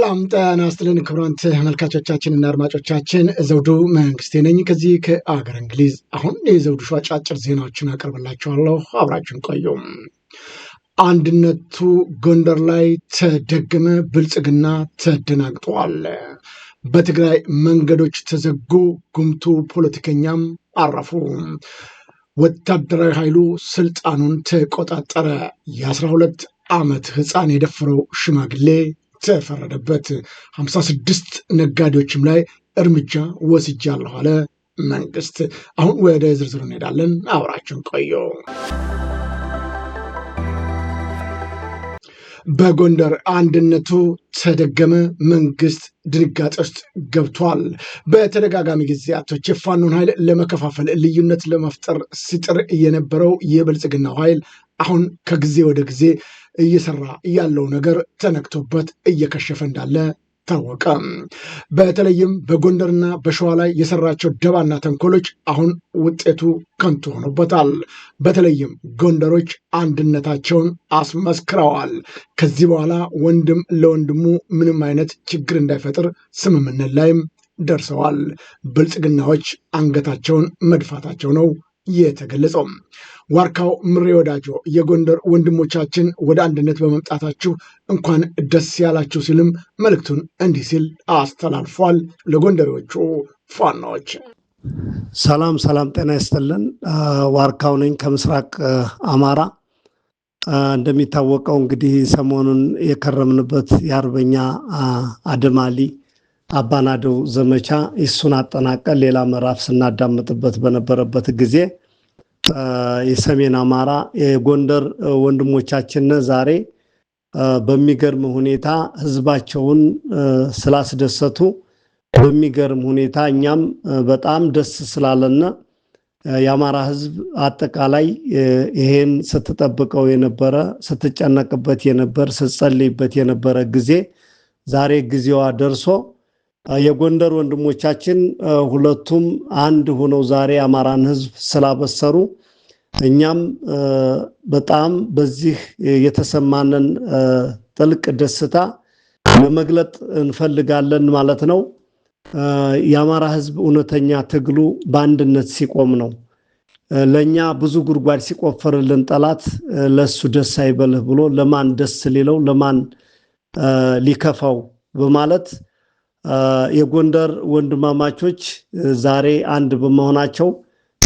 ሰላም ጤና ይስጥልን ክቡራን ተመልካቾቻችንና አድማጮቻችን፣ ዘውዱ መንግስቴ ነኝ ከዚህ ከአገር እንግሊዝ። አሁን የዘውዱ ሾው አጫጭር ዜናዎችን አቀርብላችኋለሁ፣ አብራችን ቆዩ። አንድነቱ ጎንደር ላይ ተደገመ፣ ብልጽግና ተደናግጠዋል በትግራይ መንገዶች ተዘጉ፣ ጉምቱ ፖለቲከኛም አረፉ። ወታደራዊ ኃይሉ ስልጣኑን ተቆጣጠረ። የአስራ ሁለት ዓመት ህፃን የደፈረው ሽማግሌ ተፈረደበት። 56 ነጋዴዎችም ላይ እርምጃ ወስጃለሁ አለ መንግስት። አሁን ወደ ዝርዝሩ እንሄዳለን። አብራችን ቆዩ። በጎንደር አንድነቱ ተደገመ። መንግስት ድንጋጤ ውስጥ ገብቷል። በተደጋጋሚ ጊዜያቶች የፋኖን ኃይል ለመከፋፈል ልዩነት ለመፍጠር ሲጥር የነበረው የብልጽግናው ኃይል አሁን ከጊዜ ወደ ጊዜ እየሰራ ያለው ነገር ተነክቶበት እየከሸፈ እንዳለ ታወቀ። በተለይም በጎንደርና በሸዋ ላይ የሰራቸው ደባና ተንኮሎች አሁን ውጤቱ ከንቱ ሆኖበታል። በተለይም ጎንደሮች አንድነታቸውን አስመስክረዋል። ከዚህ በኋላ ወንድም ለወንድሙ ምንም አይነት ችግር እንዳይፈጥር ስምምነት ላይም ደርሰዋል። ብልጽግናዎች አንገታቸውን መድፋታቸው ነው የተገለጸው። ዋርካው ምሬ ወዳጆ የጎንደር ወንድሞቻችን ወደ አንድነት በመምጣታችሁ እንኳን ደስ ያላችሁ ሲልም መልእክቱን እንዲህ ሲል አስተላልፏል። ለጎንደሬዎቹ ፋናዎች ሰላም ሰላም፣ ጤና ይስጥልን። ዋርካው ነኝ ከምስራቅ አማራ። እንደሚታወቀው እንግዲህ ሰሞኑን የከረምንበት የአርበኛ አደማሊ አባናደው ዘመቻ እሱን አጠናቀን ሌላ ምዕራፍ ስናዳምጥበት በነበረበት ጊዜ የሰሜን አማራ የጎንደር ወንድሞቻችን ዛሬ በሚገርም ሁኔታ ህዝባቸውን ስላስደሰቱ በሚገርም ሁኔታ እኛም በጣም ደስ ስላለና የአማራ ህዝብ አጠቃላይ ይሄን ስትጠብቀው የነበረ ስትጨነቅበት የነበር ስትጸልይበት የነበረ ጊዜ ዛሬ ጊዜዋ ደርሶ የጎንደር ወንድሞቻችን ሁለቱም አንድ ሆነው ዛሬ አማራን ህዝብ ስላበሰሩ እኛም በጣም በዚህ የተሰማንን ጥልቅ ደስታ ለመግለጥ እንፈልጋለን ማለት ነው። የአማራ ህዝብ እውነተኛ ትግሉ በአንድነት ሲቆም ነው። ለእኛ ብዙ ጉድጓድ ሲቆፈርልን ጠላት ለእሱ ደስ አይበልህ ብሎ ለማን ደስ ሊለው ለማን ሊከፋው በማለት የጎንደር ወንድማማቾች ዛሬ አንድ በመሆናቸው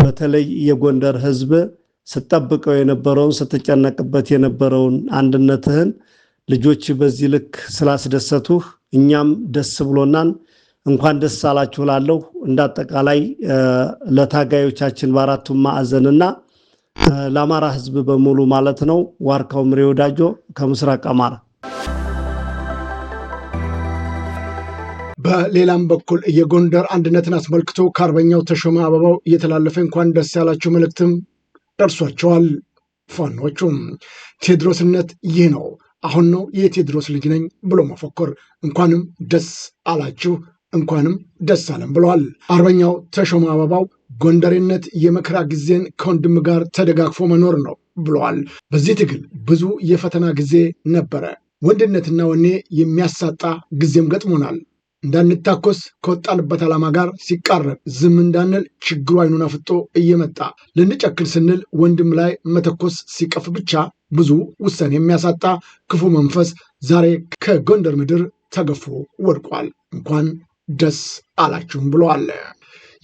በተለይ የጎንደር ህዝብ ስጠብቀው የነበረውን ስትጨነቅበት የነበረውን አንድነትህን ልጆች በዚህ ልክ ስላስደሰቱህ እኛም ደስ ብሎናን እንኳን ደስ አላችሁ ላለሁ እንዳጠቃላይ አጠቃላይ ለታጋዮቻችን በአራቱ ማዕዘንና ለአማራ ህዝብ በሙሉ ማለት ነው። ዋርካው ምሬ ወዳጆ ከምስራቅ አማራ በሌላም በኩል የጎንደር አንድነትን አስመልክቶ ከአርበኛው ተሾመ አበባው እየተላለፈ እንኳን ደስ ያላችሁ መልእክትም ደርሷቸዋል። ፋኖቹም ቴዎድሮስነት ይህ ነው። አሁን ነው የቴዎድሮስ ልጅ ነኝ ብሎ መፎከር። እንኳንም ደስ አላችሁ እንኳንም ደስ አለም ብለዋል። አርበኛው ተሾመ አበባው ጎንደሬነት የመከራ ጊዜን ከወንድም ጋር ተደጋግፎ መኖር ነው ብለዋል። በዚህ ትግል ብዙ የፈተና ጊዜ ነበረ። ወንድነትና ወኔ የሚያሳጣ ጊዜም ገጥሞናል። እንዳንታኮስ ከወጣንበት ዓላማ ጋር ሲቃረብ ዝም እንዳንል ችግሩ አይኑን አፍጦ እየመጣ ልንጨክን ስንል ወንድም ላይ መተኮስ ሲቀፍ ብቻ ብዙ ውሳኔ የሚያሳጣ ክፉ መንፈስ ዛሬ ከጎንደር ምድር ተገፎ ወድቋል። እንኳን ደስ አላችሁም ብለዋል።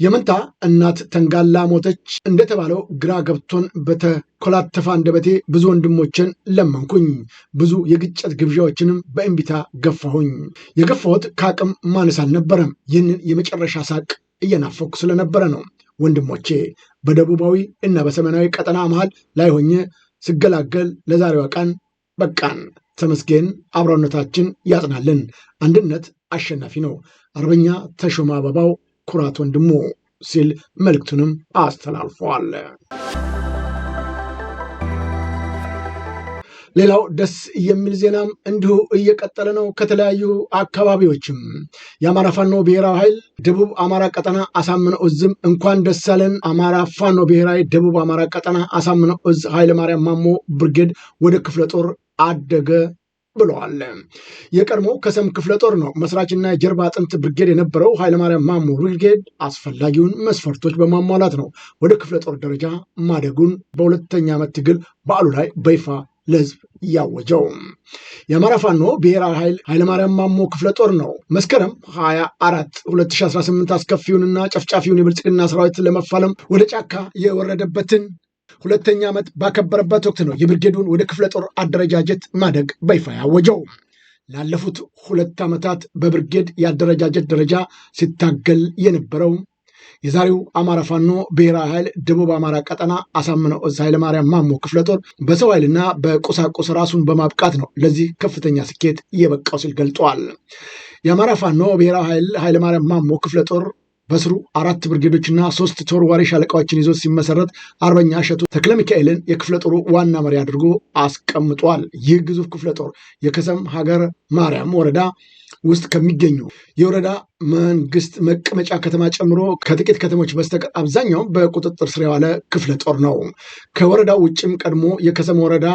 የመንታ እናት ተንጋላ ሞተች እንደተባለው ግራ ገብቶን በተኮላተፈ አንደበቴ ብዙ ወንድሞችን ለመንኩኝ። ብዙ የግጭት ግብዣዎችንም በእንቢታ ገፋሁኝ። የገፋሁት ከአቅም ማነስ አልነበረም። ይህንን የመጨረሻ ሳቅ እየናፈኩ ስለነበረ ነው። ወንድሞቼ በደቡባዊ እና በሰሜናዊ ቀጠና መሃል ላይ ሆኜ ስገላገል ለዛሬዋ ቀን በቃን። ተመስገን አብሮነታችን ያጽናልን። አንድነት አሸናፊ ነው። አርበኛ ተሾመ አበባው ኩራት ወንድሙ ሲል መልእክቱንም አስተላልፏል። ሌላው ደስ የሚል ዜናም እንዲሁ እየቀጠለ ነው። ከተለያዩ አካባቢዎችም የአማራ ፋኖ ብሔራዊ ኃይል ደቡብ አማራ ቀጠና አሳምነው እዝም እንኳን ደስ አለን። አማራ ፋኖ ብሔራዊ ደቡብ አማራ ቀጠና አሳምነው እዝ ኃይለማርያም ማሞ ብርጌድ ወደ ክፍለ ጦር አደገ ብለዋል። የቀድሞው ከሰም ክፍለ ጦር ነው መስራችና የጀርባ አጥንት ብርጌድ የነበረው ኃይለማርያም ማሞ ብርጌድ አስፈላጊውን መስፈርቶች በማሟላት ነው ወደ ክፍለ ጦር ደረጃ ማደጉን በሁለተኛ ዓመት ትግል በዓሉ ላይ በይፋ ለህዝብ ያወጀው የአማራ ፋኖ ብሔራዊ ኃይል ኃይለማርያም ማሞ ክፍለ ጦር ነው። መስከረም 24 2018 አስከፊውንና ጨፍጫፊውን የብልጽግና ሰራዊት ለመፋለም ወደ ጫካ የወረደበትን ሁለተኛ ዓመት ባከበረበት ወቅት ነው የብርጌዱን ወደ ክፍለ ጦር አደረጃጀት ማደግ በይፋ ያወጀው። ላለፉት ሁለት ዓመታት በብርጌድ የአደረጃጀት ደረጃ ሲታገል የነበረው የዛሬው አማራ ፋኖ ብሔራዊ ኃይል ደቡብ አማራ ቀጠና አሳምነው እዝ ኃይለማርያም ማሞ ክፍለ ጦር በሰው ኃይልና በቁሳቁስ ራሱን በማብቃት ነው ለዚህ ከፍተኛ ስኬት እየበቃው ሲል ገልጠዋል። የአማራ ፋኖ ብሔራዊ ኃይል ኃይለማርያም ማሞ ክፍለ ጦር በስሩ አራት ብርጌዶችና ሶስት ተወርዋሪ ሻለቃዎችን ይዞ ሲመሰረት አርበኛ እሸቱ ተክለ ሚካኤልን የክፍለ ጦሩ ዋና መሪ አድርጎ አስቀምጧል። ይህ ግዙፍ ክፍለ ጦር የከሰም ሀገር ማርያም ወረዳ ውስጥ ከሚገኙ የወረዳ መንግስት መቀመጫ ከተማ ጨምሮ ከጥቂት ከተሞች በስተቀር አብዛኛው በቁጥጥር ስር የዋለ ክፍለ ጦር ነው። ከወረዳው ውጭም ቀድሞ የከሰም ወረዳ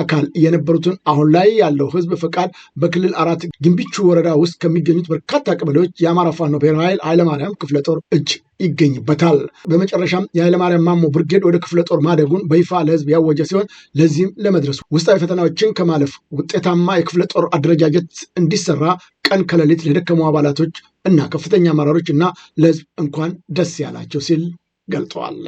አካል የነበሩትን አሁን ላይ ያለው ህዝብ ፈቃድ በክልል አራት ግንቢቹ ወረዳ ውስጥ ከሚገኙት በርካታ ቀበሌዎች የአማራ ፋኖ ብሔራዊ ኃይል ኃይለማርያም ክፍለ ጦር እጅ ይገኝበታል። በመጨረሻም የኃይለማርያም ማሞ ብርጌድ ወደ ክፍለ ጦር ማደጉን በይፋ ለህዝብ ያወጀ ሲሆን ለዚህም ለመድረሱ ውስጣዊ ፈተናዎችን ከማለፍ ውጤታማ የክፍለ ጦር አደረጃጀት እንዲሰራ ቀን ከሌሊት ለደከሙ አባላቶች እና ከፍተኛ አመራሮች እና ለህዝብ እንኳን ደስ ያላቸው ሲል ገልጠዋል።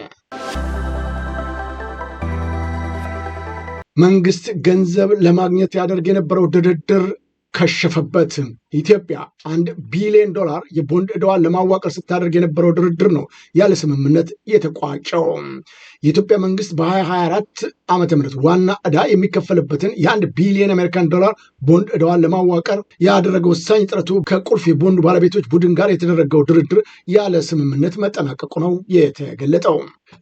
መንግስት ገንዘብ ለማግኘት ያደርግ የነበረው ድርድር ከሸፈበት። ኢትዮጵያ አንድ ቢሊዮን ዶላር የቦንድ ዕዳዋን ለማዋቀር ስታደርግ የነበረው ድርድር ነው ያለ ስምምነት የተቋጨው። የኢትዮጵያ መንግስት በ2024 ዓመተ ምህረት ዋና ዕዳ የሚከፈልበትን የአንድ ቢሊዮን አሜሪካን ዶላር ቦንድ ዕዳዋን ለማዋቀር ያደረገ ወሳኝ ጥረቱ ከቁልፍ የቦንድ ባለቤቶች ቡድን ጋር የተደረገው ድርድር ያለ ስምምነት መጠናቀቁ ነው የተገለጠው።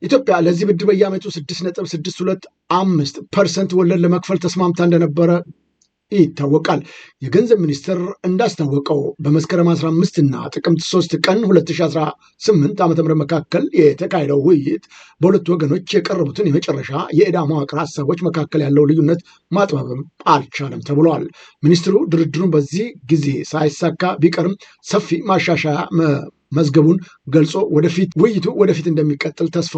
ኢትዮጵያ ለዚህ ብድር በየዓመቱ 6.625 ፐርሰንት ወለድ ለመክፈል ተስማምታ እንደነበረ ይታወቃል። የገንዘብ ሚኒስቴር እንዳስታወቀው በመስከረም 15 እና ጥቅምት 3 ቀን 2018 ዓ ም መካከል የተካሄደው ውይይት በሁለቱ ወገኖች የቀረቡትን የመጨረሻ የዕዳ መዋቅር ሀሳቦች መካከል ያለው ልዩነት ማጥበብም አልቻለም ተብሏል። ሚኒስትሩ ድርድሩን በዚህ ጊዜ ሳይሳካ ቢቀርም ሰፊ ማሻሻያ መዝገቡን ገልጾ ወደፊት ውይይቱ ወደፊት እንደሚቀጥል ተስፋ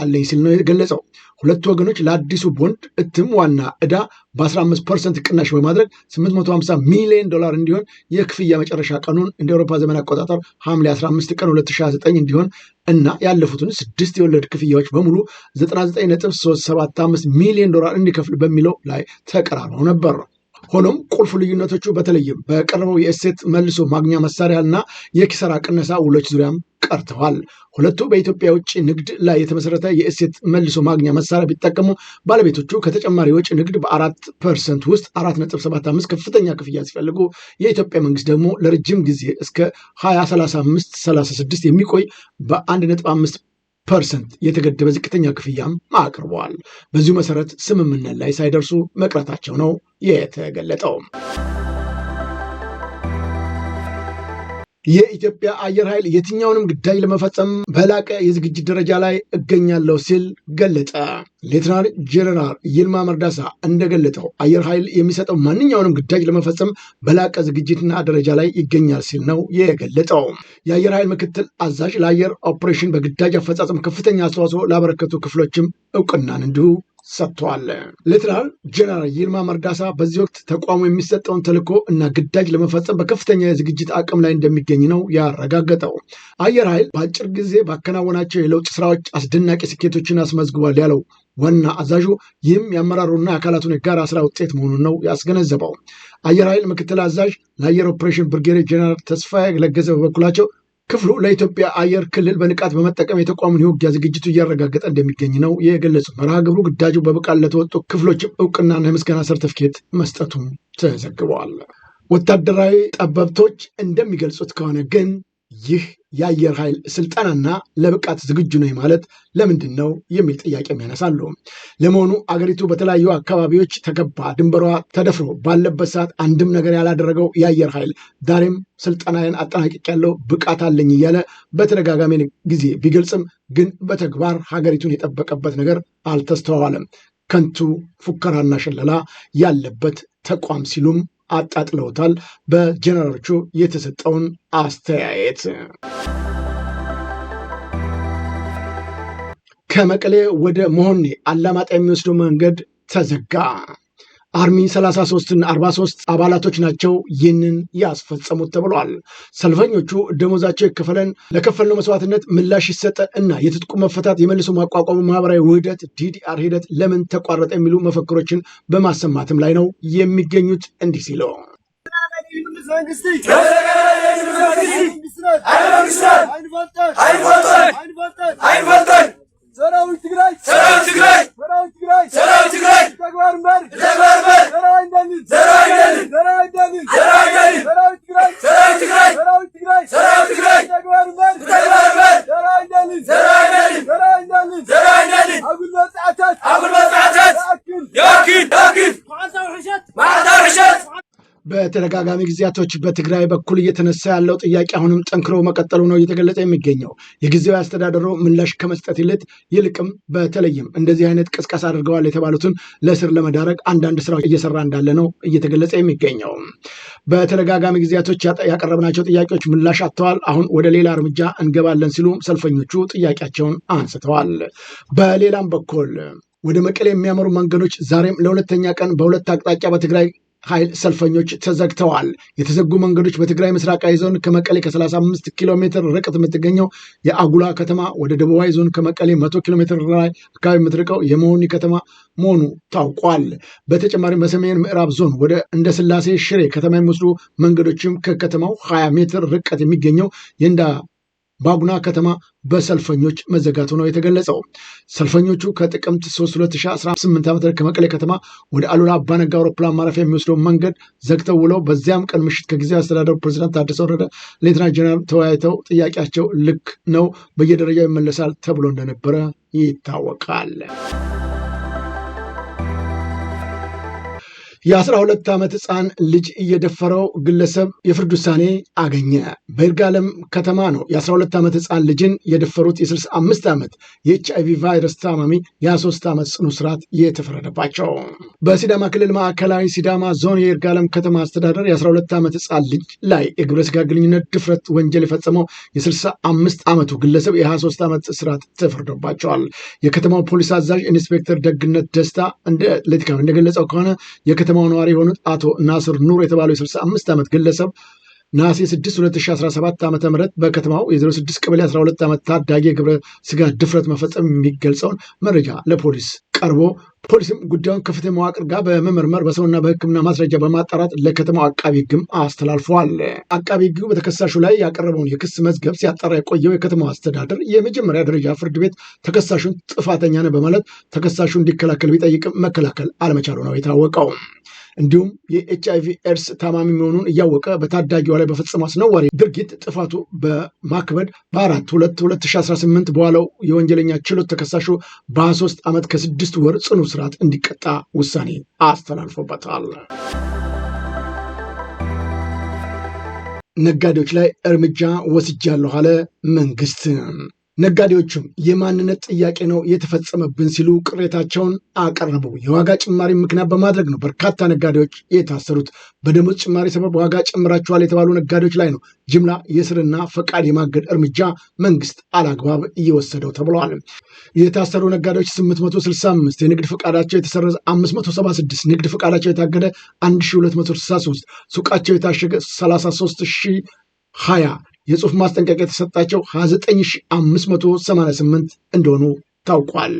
አለኝ ሲል ነው የገለጸው። ሁለቱ ወገኖች ለአዲሱ ቦንድ እትም ዋና ዕዳ በ15 ፐርሰንት ቅናሽ በማድረግ 850 ሚሊዮን ዶላር እንዲሆን የክፍያ መጨረሻ ቀኑን እንደ አውሮፓ ዘመን አቆጣጠር ሐምሌ 15 ቀን 2029 እንዲሆን እና ያለፉትን ስድስት የወለድ ክፍያዎች በሙሉ 99375 ሚሊዮን ዶላር እንዲከፍል በሚለው ላይ ተቀራርበው ነበር። ሆኖም ቁልፍ ልዩነቶቹ በተለይም በቀረበው የእሴት መልሶ ማግኛ መሳሪያ እና የኪሰራ ቅነሳ ውሎች ዙሪያም ቀርተዋል። ሁለቱ በኢትዮጵያ ውጭ ንግድ ላይ የተመሰረተ የእሴት መልሶ ማግኛ መሳሪያ ቢጠቀሙ ባለቤቶቹ ከተጨማሪ የውጭ ንግድ በአራት ፐርሰንት ውስጥ አራት ነጥብ ሰባት አምስት ከፍተኛ ክፍያ ሲፈልጉ የኢትዮጵያ መንግስት ደግሞ ለረጅም ጊዜ እስከ ሀያ ሰላሳ አምስት ሰላሳ ስድስት የሚቆይ በአንድ ነጥብ አምስት ፐርሰንት የተገደበ ዝቅተኛ ክፍያም አቅርበዋል። በዚሁ መሰረት ስምምነት ላይ ሳይደርሱ መቅረታቸው ነው የተገለጠው። የኢትዮጵያ አየር ኃይል የትኛውንም ግዳይ ለመፈጸም በላቀ የዝግጅት ደረጃ ላይ እገኛለሁ ሲል ገለጠ ሌትናል ጄኔራል ይልማ መርዳሳ እንደገለጠው አየር ኃይል የሚሰጠው ማንኛውንም ግዳጅ ለመፈጸም በላቀ ዝግጅትና ደረጃ ላይ ይገኛል ሲል ነው የገለጠው። የአየር ኃይል ምክትል አዛዥ ለአየር ኦፕሬሽን በግዳጅ አፈጻጸም ከፍተኛ አስተዋጽኦ ላበረከቱ ክፍሎችም እውቅናን እንዲሁ ሰጥቷል። ሌተናል ጀነራል ይልማ መርዳሳ በዚህ ወቅት ተቋሙ የሚሰጠውን ተልዕኮ እና ግዳጅ ለመፈጸም በከፍተኛ የዝግጅት አቅም ላይ እንደሚገኝ ነው ያረጋገጠው። አየር ኃይል በአጭር ጊዜ ባከናወናቸው የለውጥ ስራዎች አስደናቂ ስኬቶችን አስመዝግቧል ያለው ዋና አዛዡ ይህም የአመራሩና የአካላቱን የጋራ ስራ ውጤት መሆኑን ነው ያስገነዘበው። አየር ኃይል ምክትል አዛዥ ለአየር ኦፕሬሽን ብርጌዴር ጀነራል ተስፋ ለገዘ በበኩላቸው ክፍሉ ለኢትዮጵያ አየር ክልል በንቃት በመጠቀም የተቋሙን የውጊያ ዝግጅቱ እያረጋገጠ እንደሚገኝ ነው የገለጹ። መርሃ ግብሩ ግዳጁ በብቃት ለተወጡ ክፍሎች እውቅናና የምስጋና ሰርተፍኬት መስጠቱም ተዘግበዋል። ወታደራዊ ጠበብቶች እንደሚገልጹት ከሆነ ግን ይህ የአየር ኃይል ስልጠናና ለብቃት ዝግጁ ነኝ ማለት ለምንድን ነው የሚል ጥያቄም ያነሳሉ። ለመሆኑ አገሪቱ በተለያዩ አካባቢዎች ተከባ ድንበሯ ተደፍሮ ባለበት ሰዓት አንድም ነገር ያላደረገው የአየር ኃይል ዛሬም ስልጠናዬን ያለው ብቃት አለኝ እያለ በተደጋጋሚ ጊዜ ቢገልጽም ግን በተግባር ሀገሪቱን የጠበቀበት ነገር አልተስተዋለም። ከንቱ ፉከራና ሸለላ ያለበት ተቋም ሲሉም አጣጥለውታል። በጀነራሎቹ የተሰጠውን አስተያየት ከመቀሌ ወደ መሆኒ አላማጣ የሚወስደው መንገድ ተዘጋ። አርሚ 33 ና 43 አባላቶች ናቸው ይህንን ያስፈጸሙት ተብሏል። ሰልፈኞቹ ደሞዛቸው የከፈለን ለከፈልነው መስዋዕትነት ምላሽ ይሰጠ እና የትጥቁ መፈታት የመልሶ ማቋቋሙ ማህበራዊ ውህደት ዲዲአር ሂደት ለምን ተቋረጠ የሚሉ መፈክሮችን በማሰማትም ላይ ነው የሚገኙት እንዲህ ሲለው ሰራዊት ትግራይ ሰራዊት ትግራይ ሰራዊት ትግራይ ሰራዊት ትግራይ ተግባር ማር ተግባር ማር ሰራዊት ዳንስ ሰራዊት ዳንስ ሰራዊት ዳንስ ሰራዊት ዳንስ ሰራዊት ትግራይ ሰራዊት ትግራይ ሰራዊት ትግራይ ሰራዊት ትግራይ ተግባር ማር ተግባር ማር ሰራዊት ዳንስ ሰራዊት ዳንስ ሰራዊት ዳንስ ሰራዊት ዳንስ አጉል መጻዓታት አጉል መጻዓታት ያኪን ያኪን ያኪን በተደጋጋሚ ጊዜያቶች በትግራይ በኩል እየተነሳ ያለው ጥያቄ አሁንም ጠንክሮ መቀጠሉ ነው እየተገለጸ የሚገኘው። የጊዜው አስተዳደሩ ምላሽ ከመስጠት ይልት ይልቅም በተለይም እንደዚህ አይነት ቅስቀሳ አድርገዋል የተባሉትን ለእስር ለመዳረግ አንዳንድ ስራ እየሰራ እንዳለ ነው እየተገለጸ የሚገኘው። በተደጋጋሚ ጊዜያቶች ያቀረብናቸው ጥያቄዎች ምላሽ አጥተዋል፣ አሁን ወደ ሌላ እርምጃ እንገባለን ሲሉ ሰልፈኞቹ ጥያቄያቸውን አንስተዋል። በሌላም በኩል ወደ መቀሌ የሚያመሩ መንገዶች ዛሬም ለሁለተኛ ቀን በሁለት አቅጣጫ በትግራይ ኃይል ሰልፈኞች ተዘግተዋል። የተዘጉ መንገዶች በትግራይ ምስራቃዊ ዞን ከመቀሌ ከ35 ኪሎ ሜትር ርቀት የምትገኘው የአጉላ ከተማ ወደ ደቡባዊ ዞን ከመቀሌ 100 ኪሎ ሜትር ላይ አካባቢ የምትርቀው የመሆኒ ከተማ መሆኑ ታውቋል። በተጨማሪም በሰሜን ምዕራብ ዞን ወደ እንደ ስላሴ ሽሬ ከተማ የሚወስዱ መንገዶችም ከከተማው 20 ሜትር ርቀት የሚገኘው የእንዳ በአቡና ከተማ በሰልፈኞች መዘጋቱ ነው የተገለጸው። ሰልፈኞቹ ከጥቅምት 3 2018 ዓ ከመቀሌ ከተማ ወደ አሉላ አባነጋ አውሮፕላን ማረፊያ የሚወስደው መንገድ ዘግተው ውለው በዚያም ቀን ምሽት ከጊዜ አስተዳደሩ ፕሬዚዳንት ታደሰ ወረደ ሌተና ጀነራል ተወያይተው ጥያቄያቸው ልክ ነው፣ በየደረጃው ይመለሳል ተብሎ እንደነበረ ይታወቃል። የአስራ ሁለት ዓመት ህፃን ልጅ እየደፈረው ግለሰብ የፍርድ ውሳኔ አገኘ። በይርጋለም ከተማ ነው የ12 ዓመት ህፃን ልጅን የደፈሩት የ65 ዓመት የኤች አይቪ ቫይረስ ታማሚ የ23 ዓመት ጽኑ ስርዓት የተፈረደባቸው። በሲዳማ ክልል ማዕከላዊ ሲዳማ ዞን የይርጋለም ከተማ አስተዳደር የ12 ዓመት ህፃን ልጅ ላይ የግብረ ስጋ ግንኙነት ድፍረት ወንጀል የፈጸመው የ65 ዓመቱ ግለሰብ የ23 ዓመት ስርዓት ተፈርዶባቸዋል። የከተማው ፖሊስ አዛዥ ኢንስፔክተር ደግነት ደስታ ለቲካ እንደገለጸው ከሆነ የከተማው ነዋሪ የሆኑት አቶ ናስር ኑር የተባለው የ65 ዓመት ግለሰብ ነሐሴ 6 2017 ዓ ም በከተማው የ06 ቀበሌ 12 ዓመት ታዳጊ የግብረ ስጋ ድፍረት መፈጸም የሚገልጸውን መረጃ ለፖሊስ ቀርቦ ፖሊስም ጉዳዩን ከፍትህ መዋቅር ጋር በመመርመር በሰውና በሕክምና ማስረጃ በማጣራት ለከተማው አቃቢ ሕግም አስተላልፈዋል። አቃቢ ሕግ በተከሳሹ ላይ ያቀረበውን የክስ መዝገብ ሲያጠራ የቆየው የከተማው አስተዳደር የመጀመሪያ ደረጃ ፍርድ ቤት ተከሳሹን ጥፋተኛ ነህ በማለት ተከሳሹ እንዲከላከል ቢጠይቅም መከላከል አለመቻሉ ነው የታወቀው። እንዲሁም የኤች አይቪ ኤድስ ታማሚ መሆኑን እያወቀ በታዳጊዋ ላይ በፈጸመው አስነዋሪ ድርጊት ጥፋቱ በማክበድ በአራት ሁለት 2018 በኋላው የወንጀለኛ ችሎት ተከሳሹ በ23 ዓመት ከስድስት ወር ጽኑ ስርዓት እንዲቀጣ ውሳኔ አስተላልፎበታል። ነጋዴዎች ላይ እርምጃ ወስጃለሁ አለ መንግስት። ነጋዴዎቹም የማንነት ጥያቄ ነው የተፈጸመብን ሲሉ ቅሬታቸውን አቀረቡ። የዋጋ ጭማሪ ምክንያት በማድረግ ነው በርካታ ነጋዴዎች የታሰሩት። በደሞዝ ጭማሪ ሰበብ ዋጋ ጨምራችኋል የተባሉ ነጋዴዎች ላይ ነው ጅምላ የስርና ፈቃድ የማገድ እርምጃ መንግስት አላግባብ እየወሰደው ተብለዋል። የታሰሩ ነጋዴዎች 865 የንግድ ፈቃዳቸው የተሰረዘ 576 ንግድ ፈቃዳቸው የታገደ 1263 ሱቃቸው የታሸገ 33 ሺህ የጽሁፍ ማስጠንቀቂያ የተሰጣቸው 29588 እንደሆኑ ታውቋል።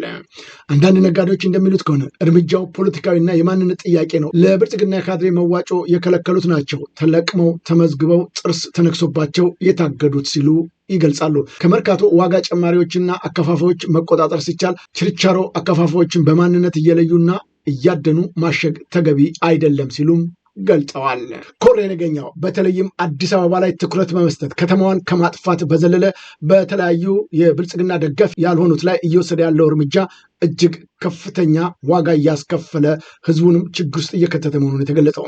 አንዳንድ ነጋዴዎች እንደሚሉት ከሆነ እርምጃው ፖለቲካዊና የማንነት ጥያቄ ነው። ለብልጽግና የካድሬ መዋጮ የከለከሉት ናቸው ተለቅመው ተመዝግበው ጥርስ ተነክሶባቸው የታገዱት ሲሉ ይገልጻሉ። ከመርካቶ ዋጋ ጨማሪዎችና አከፋፋዮች መቆጣጠር ሲቻል ችርቻሮ አከፋፋዮችን በማንነት እየለዩና እያደኑ ማሸግ ተገቢ አይደለም ሲሉም ገልጸዋል። ኮሬ ነገኛው በተለይም አዲስ አበባ ላይ ትኩረት በመስጠት ከተማዋን ከማጥፋት በዘለለ በተለያዩ የብልጽግና ደጋፊ ያልሆኑት ላይ እየወሰደ ያለው እርምጃ እጅግ ከፍተኛ ዋጋ እያስከፈለ ህዝቡንም ችግር ውስጥ እየከተተ መሆኑን የተገለጸው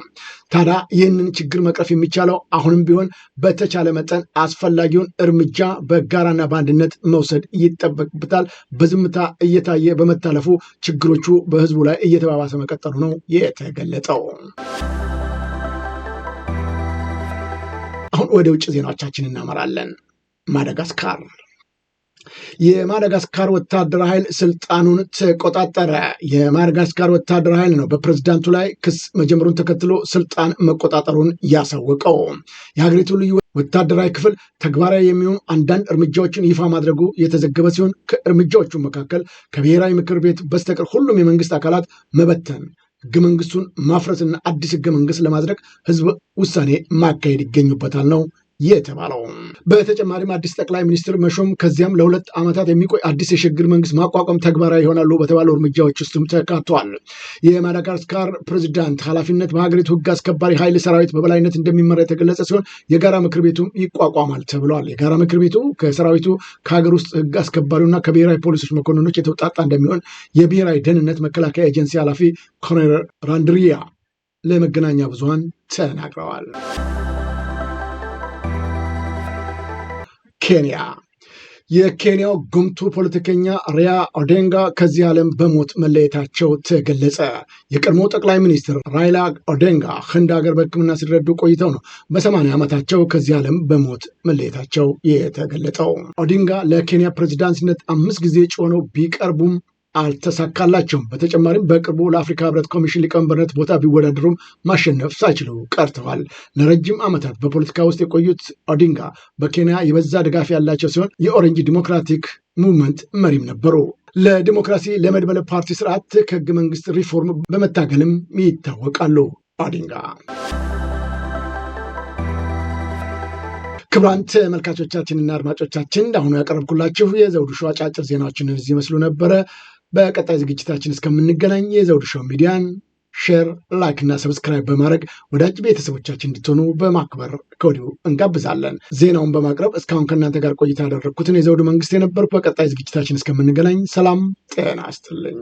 ታዲያ ይህንን ችግር መቅረፍ የሚቻለው አሁንም ቢሆን በተቻለ መጠን አስፈላጊውን እርምጃ በጋራና በአንድነት መውሰድ ይጠበቅበታል። በዝምታ እየታየ በመታለፉ ችግሮቹ በህዝቡ ላይ እየተባባሰ መቀጠሉ ነው የተገለጠው። አሁን ወደ ውጭ ዜናዎቻችን እናመራለን። ማደጋስካር የማደጋስካር ወታደር ኃይል ስልጣኑን ተቆጣጠረ። የማደጋስካር ወታደር ኃይል ነው በፕሬዝዳንቱ ላይ ክስ መጀመሩን ተከትሎ ስልጣን መቆጣጠሩን ያሳወቀው። የሀገሪቱ ልዩ ወታደራዊ ክፍል ተግባራዊ የሚሆኑ አንዳንድ እርምጃዎችን ይፋ ማድረጉ የተዘገበ ሲሆን ከእርምጃዎቹ መካከል ከብሔራዊ ምክር ቤት በስተቀር ሁሉም የመንግስት አካላት መበተን ህገ መንግስቱን ማፍረስና አዲስ ህገ መንግስት ለማድረግ ህዝብ ውሳኔ ማካሄድ ይገኙበታል ነው የተባለው። በተጨማሪም አዲስ ጠቅላይ ሚኒስትር መሾም ከዚያም ለሁለት ዓመታት የሚቆይ አዲስ የሽግግር መንግስት ማቋቋም ተግባራዊ ይሆናሉ በተባሉ እርምጃዎች ውስጥም ተካቷል። የማዳጋስካር ፕሬዚዳንት ኃላፊነት በሀገሪቱ ህግ አስከባሪ ኃይል ሰራዊት በበላይነት እንደሚመራ የተገለጸ ሲሆን የጋራ ምክር ቤቱም ይቋቋማል ተብለዋል። የጋራ ምክር ቤቱ ከሰራዊቱ ከሀገር ውስጥ ህግ አስከባሪውና ከብሔራዊ ፖሊሶች መኮንኖች የተውጣጣ እንደሚሆን የብሔራዊ ደህንነት መከላከያ ኤጀንሲ ኃላፊ ኮሎኔል ራንድሪያ ለመገናኛ ብዙሀን ተናግረዋል። ኬንያ የኬንያው ጉምቱ ፖለቲከኛ ሪያ ኦዴንጋ ከዚህ ዓለም በሞት መለየታቸው ተገለጸ። የቀድሞ ጠቅላይ ሚኒስትር ራይላ ኦዴንጋ ህንድ ሀገር በሕክምና ሲረዱ ቆይተው ነው በሰማንያ ዓመታቸው ከዚህ ዓለም በሞት መለየታቸው የተገለጠው። ኦዲንጋ ለኬንያ ፕሬዚዳንትነት አምስት ጊዜ እጩ ሆነው ቢቀርቡም አልተሳካላቸውም። በተጨማሪም በቅርቡ ለአፍሪካ ህብረት ኮሚሽን ሊቀመንበርነት ቦታ ቢወዳደሩም ማሸነፍ ሳይችሉ ቀርተዋል። ለረጅም ዓመታት በፖለቲካ ውስጥ የቆዩት ኦዲንጋ በኬንያ የበዛ ድጋፍ ያላቸው ሲሆን የኦሬንጅ ዲሞክራቲክ ሙቭመንት መሪም ነበሩ። ለዲሞክራሲ ለመድበለ ፓርቲ ስርዓት ከህገ መንግስት ሪፎርም በመታገልም ይታወቃሉ ኦዲንጋ። ክቡራን ተመልካቾቻችንና አድማጮቻችን አሁኑ ያቀረብኩላችሁ የዘውዱ ሾው አጫጭር ዜናዎችን እዚህ መስሉ ነበረ። በቀጣይ ዝግጅታችን እስከምንገናኝ የዘውዱ ሾው ሚዲያን ሼር፣ ላይክ እና ሰብስክራይብ በማድረግ ወዳጅ ቤተሰቦቻችን እንድትሆኑ በማክበር ከወዲሁ እንጋብዛለን። ዜናውን በማቅረብ እስካሁን ከእናንተ ጋር ቆይታ ያደረግኩትን የዘውዱ መንግስት የነበርኩ። በቀጣይ ዝግጅታችን እስከምንገናኝ ሰላም ጤና ይስጥልኝ።